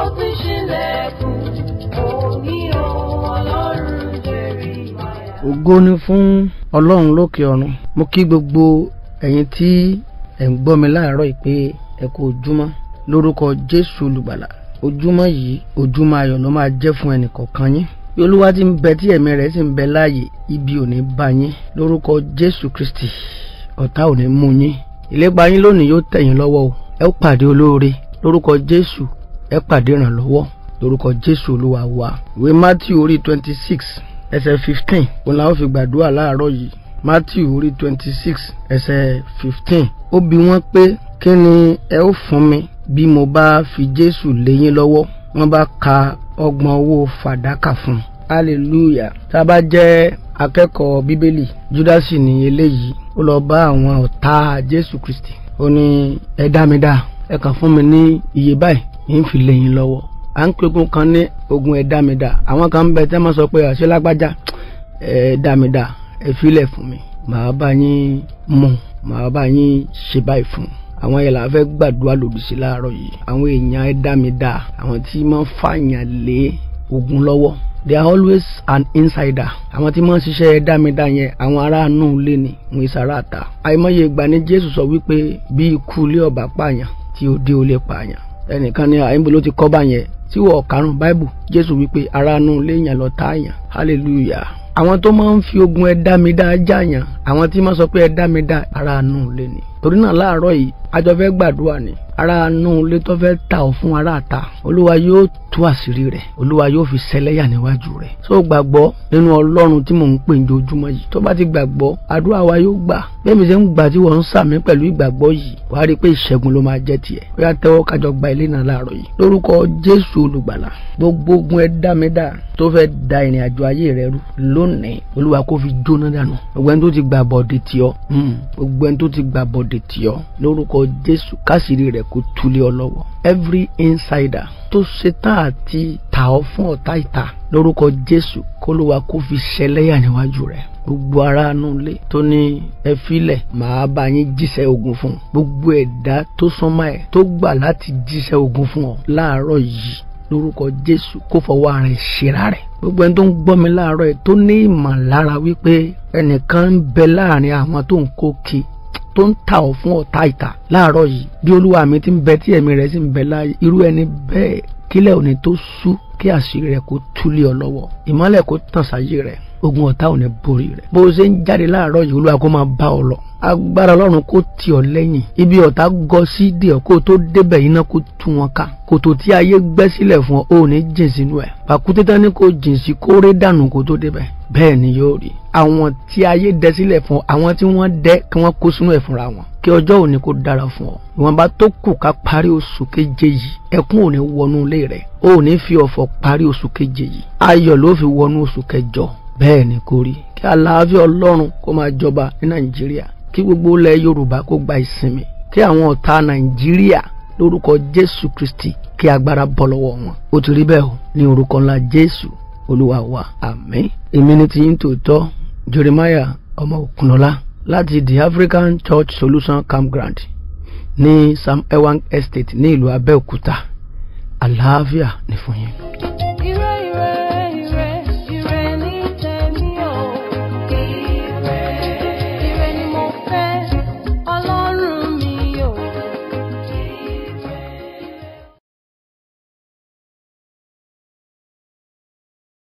ó tún ṣílẹ̀kùn òní o ọlọ́run Jèrémáyà. ògo ni fún ọlọ́run lókè ọ̀run mo kí gbogbo ẹ̀yin tí ẹ̀ ń gbọ́ mi láàárọ̀ yìí pé ẹ kú ojúmọ́ lórúkọ Jésù olùgbàlà ojúmọ́ yìí ojúmọ́ ayọ̀ ló máa jẹ́ fún ẹnìkọ̀ọ̀kan yín bí olúwa ti ń bẹ tí ẹ̀mí rẹ̀ sì ń bẹ láàyè ibi ò bá yín lórúkọ Jésù Kristi ọ̀tá ò mú yín ìlépa yín lónìí yóò tẹ̀ lọ́wọ́ o ẹ ó pàdé olóore lórúkọ Jésù ẹ pàdé ìrànlọ́wọ́ lórúkọ jésù olúwa wa ìwé matthew orí twenty six ẹsẹ̀ fifteen òun làwọn fi gbàdúrà láàárọ̀ yìí matthew orí twenty six ẹsẹ̀ fifteen ó bi wọ́n pé kí ni ẹ ó fún mi bí mo bá fi jésù lé yín lọ́wọ́ wọ́n bá ka ọgbọ̀n owó fàdákà fún un hallelujah tá a bá jẹ́ akẹ́kọ̀ọ́ bíbélì júdásì ní eléyìí ó lọ bá àwọn ọ̀tá jésù kristi ó ní ẹ dá mi dá ẹ kàn fún mi ní iye báyìí ń fi lẹ́yìn lọ́wọ́ à ń pe kan ní ogun ẹ̀dámidà àwọn kan bẹ tẹ́ mọ́ sọ pé àṣẹ lágbájá ẹ̀dámidà ẹ filẹ̀ fún mi màá bá yín mú màá bá yín ṣe báyìí fún àwọn yẹn làá fẹ́ gbàdúrà lòdì sí yìí àwọn èèyàn ẹ̀dámidà àwọn tí máa fàyàn lé ogun lọ́wọ́ they are always an insider àwọn tí máa ń ṣiṣẹ́ dámidá yẹn àwọn aráàánú lé ní wọn ìsàrà àta àìmọye ìgbà ni Jésù sọ wípé bí ikú ilé ọba pààyàn tí ó dé ó lè pààyàn ẹnìkan ní àyìnbó ló ti kọ́ bá yẹn tí wọ́n karùn-ún báìbù jésù wípé ara nu léèyàn lọ tá àyàn hallelujah àwọn tó máa ń fi ogun ẹ̀dá mi dá jáàyàn àwọn tí máa sọ pé ẹ̀dá mi dá ara nu lé ni torí náà láàárọ̀ yìí a jọ gbàdúrà ni ara inú ilé tó fẹ́ ta ò fún aráàta olúwa yóò tú àṣírí rẹ̀ olúwa yóò fi ṣẹlẹ́yà níwájú rẹ̀ so gbàgbọ́ nínú ọlọ́run tí mò ń pè ojoojúmọ́ yìí tó bá ti gbàgbọ́ àdúrà wa yóò gbà bẹ́ẹ̀ mi ṣe ń gbà tí wọ́n ń sàmí pẹ̀lú ìgbàgbọ́ yìí wàá rí i pé ìṣẹ́gun ló máa jẹ́ tiẹ̀ ó tẹ́wọ́ kájọ gba ilé náà láàárọ̀ yìí lórúkọ jésù olùgbàlà gbogbo ogun ẹ dá mi dá tó fẹ́ da ìrìn àjò ayé rẹ rú lónìí olúwa kó fi jóná dànù gbogbo ẹni tó ti gbà bọ̀dẹ̀ tì hmm. gbogbo ẹni tó ti gbà bọ̀dẹ̀ tì lórúkọ jésù káṣírí rẹ kó túlé ọ every insider tó ṣetán àti tà ọ́ fún ọ̀tá ìta lórúkọ Jésù kólúwa kó fi ṣẹlẹ́yà níwájú rẹ̀ gbogbo ara inú ilé tó ní ẹfilẹ̀ màá bá yín jíṣẹ́ ogun fún un gbogbo ẹ̀dá tó súnmọ́ ẹ̀ tó gbà láti jíṣẹ́ ogun fún ọ láàárọ̀ yìí lórúkọ Jésù kó fọwọ́ ara ẹ̀ ṣera rẹ̀ gbogbo ẹni tó ń gbọ́ mi láàárọ̀ ẹ̀ tó ní ìmọ̀lára wípé ẹnìkan ń bẹ láàrin àwọn tó ń kó kí tó ń ta ọ̀ fún ọ̀tá ìkà láàárọ̀ yìí bí olúwa mi ti ń bẹ tí ẹ̀mí rẹ̀ sì ń bẹ láàyè irú ẹni bẹ́ẹ̀ kílẹ̀ òní tó sú kí àṣírí rẹ kó túlé ọ lọ́wọ́ ìmọ́lẹ̀ kó tàn sáyé rẹ ogun ọ̀tá ò ní borí rẹ bó o ṣe ń jáde láàárọ̀ yìí olúwa kó máa bá ọ lọ agbára ọlọ́run kó tì ọ́ lẹ́yìn ibi ọ̀tá gọ sí dè ọ́ kó tó débẹ̀ yìí náà kó tú wọn ká kòtò tí ayé gbẹ́ sílẹ̀ fún ọ ò ní jìn sínú ẹ̀ pàkúté tán ní kò jìn sí kó dànù kó tó débẹ̀ bẹ́ẹ̀ ni yóò rí àwọn tí ayé dẹ sílẹ̀ fún àwọn tí wọ́n dẹ kí wọ́n kó sínú ẹ̀ fúnra wọn kí ọjọ́ òní kó dára fún ọ ìwọ̀nba tó kù ká parí oṣù keje yìí ẹkún ò wọnú ilé rẹ ò fi ọ̀fọ̀ parí oṣù keje yìí ayọ̀ ló fi wọnú oṣù kẹjọ bẹ́ẹ̀ ni kò rí kí àlàáfíà ọlọ́run kó máa jọba ní nàìjíríà kí gbogbo ilẹ̀ yorùbá kó gba ìsinmi kí àwọn ọ̀tá nàìjíríà lórúkọ jésù kristi kí agbára bọ́ lọ́wọ́ wọn ó ti rí bẹ́ẹ̀ o ní orúkọ ńlá jésù olúwa wa àmín èmi ní ti yín tòótọ́ jeremiah ọmọ òkunlọ́lá láti the african church solution campground ní sam Ewang estate ní ìlú abẹ́òkúta àlàáfíà ní fún yín.